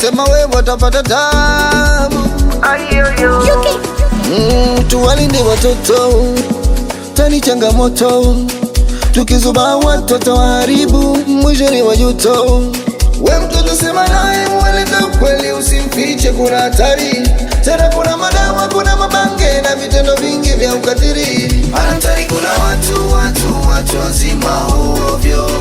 sema wewe watapata tabu, mm, tuwalinde watoto tani changamoto, tukizuba watoto haribu mwisho ni wajuto. We mtoto sema naye, mweleza ukweli, usimfiche, kuna hatari tena, kuna madawa, kuna mabange na vitendo vingi vya ukatili. Hatari kuna watu watu watu wazima ovyo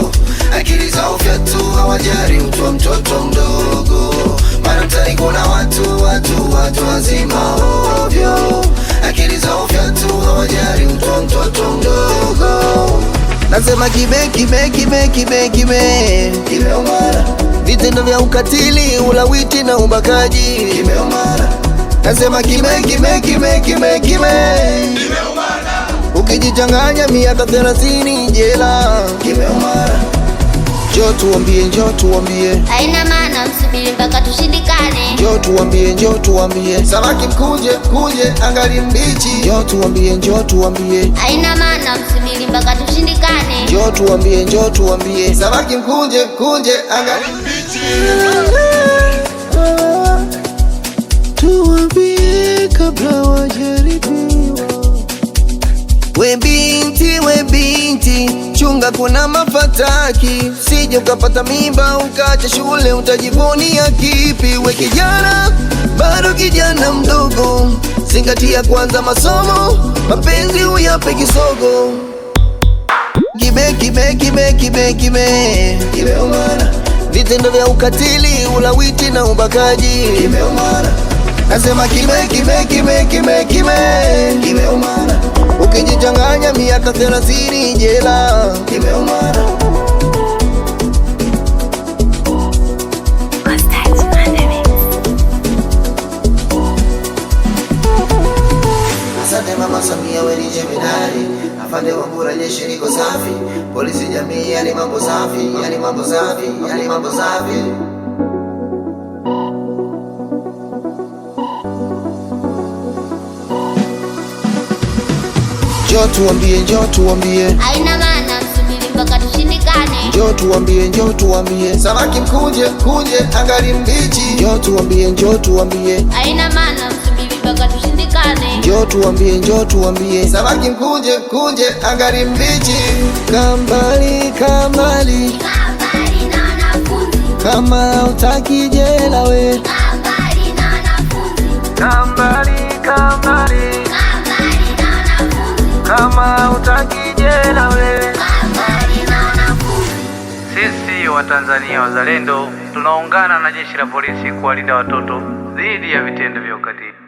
watu wazima ovyo, akili za hawajali mtoto mdogo. Nasema kime kime kime kime kime kimeomara, vitendo vya ukatili, ulawiti na ubakaji kimeomara. Nasema kime kime kime kime kime ukijichanganya miaka 30 jela kimeomara. Njoo tuambie, njoo tuambie. Haina maana msubiri mpaka tushindikane. Njoo tuambie, njoo tuambie. Samaki mkuje, kuje, angali mbichi. Njoo tuambie, njoo tuambie. Haina maana msubiri mpaka tushindikane. Njoo tuambie, njoo tuambie. Samaki mkuje, kuje, angali mbichi. Tuambie kabla binti, we binti, chunga kuna mafataki, sije ukapata mimba ukaacha shule, utajivunia kipi? We kijana, bado kijana mdogo, zingatia kwanza masomo, mapenzi uyape kisogo. Kibe, kibe, kibe, kibe, kibe, kibe, vitendo vya ukatili, ulawiti na ubakaji, kibe, nasema kime kime kime kime kime umana, ukijichanganya miaka thelathini jela kimeumana. Asante Mama Samia jemedari, afande niko safi, polisi jamii, yani mambo safi, yani mambo safi, yani mambo safi Njoo tuambie, njoo tuambie. Haina maana msubiri mpaka tushindikane. Njoo tuambie, njoo tuambie. Samaki mkunje, kunje angali mbichi. Njoo tuambie, njoo tuambie. Haina maana msubiri mpaka tushindikane. Njoo tuambie, njoo tuambie. Samaki mkunje, kunje angali mbichi. Kambali, kambali. Kambali na wanafunzi. Kama utaki jela we. Kambali na wanafunzi. Kambali. Watanzania wazalendo tunaungana na jeshi la polisi kuwalinda watoto dhidi ya vitendo vya ukatili.